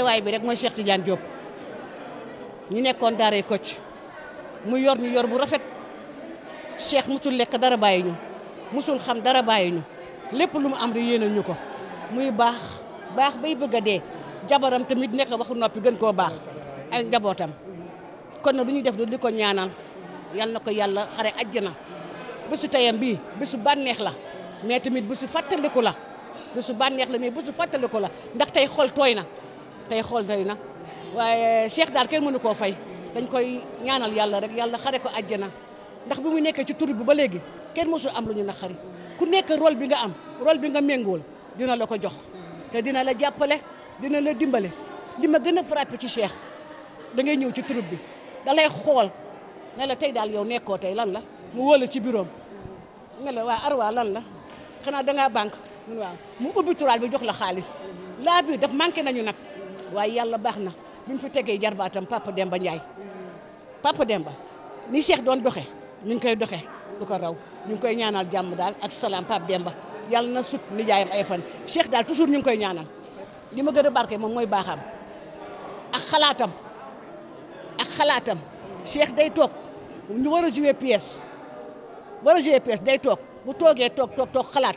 waay bi rek mooy Cheikh Tidiane Diop ñu nekkoon daaray Kocc mu yor ñu yor bu rafet Cheikh musul lekk dara bàyyi ñu musul xam dara bàyyi ñu lépp lu mu am rek yéene ñu ko muy baax baax bay bëgg a dee jabaram tamit nekk waxu noppi gën koo baax ak njabootam kon nag du ñuy def di ko ñaanal yal na ko yàlla xare àjjana bésu tayam bii bésu bànneex la mais tamit bésu fàttaliku la bésu bànneex la mais bésu fàttaliku la ndax tey xol tooy na tey xool doy na waaye Cheikh daal kenn mënu koo fay dañ koy ñaanal yàlla rek yàlla xare ko àjjana ndax bi mu nekkee ci tur bi ba léegi kenn mosul am lu ñu naqari ku nekk rôle bi nga am rôle bi nga méngool dina la ko jox te dina la jàppale dina la dimbale li ma gën a frappé ci Cheikh da ngay ñëw ci troupe bi dalay xool ne la tey daal yow nekkoo tey lan la mu wóolu ci bureau ne la waa arwaa lan la xanaa dangaa banque waaw mu ubbi turaal bi jox la xaalis laa bi daf manqué nañu nag waaye yàlla baax na bi mu fi tegee jarbaatam papa Demba Ndiaye papa Demba ni Cheikh doon doxe ñu ngi koy doxe du ko raw ñu ngi koy ñaanal jàmm daal ak salaam papa Demba yàlla na sut nijaayam ay fan Cheikh daal toujours ñu ngi koy ñaanal li ma gën a barke moom mooy baaxam ak xalaatam ak xalaatam Cheikh day toog ñu war a jouer pièce war a jouer pièce day toog bu toogee toog toog xalaat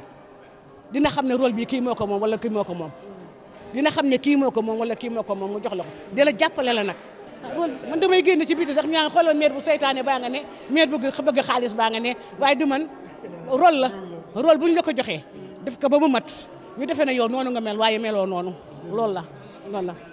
dina xam ne rol bi kii moo ko moom wala kii moo ko moom dina xam ne kii moo ko moom wala kii moo ko moom mu jox la ko la jàppale la nag man damay génn ci biti sax ñaa ngi xoolal maire bu seytaane baa nga ne maire bu bëgg xaalis baa nga ne waaye du man rôle la rol bu ñu la ko joxee def ko ba mu mat ñu defee ne yow noonu nga mel waaye meloo noonu loolu la loolu la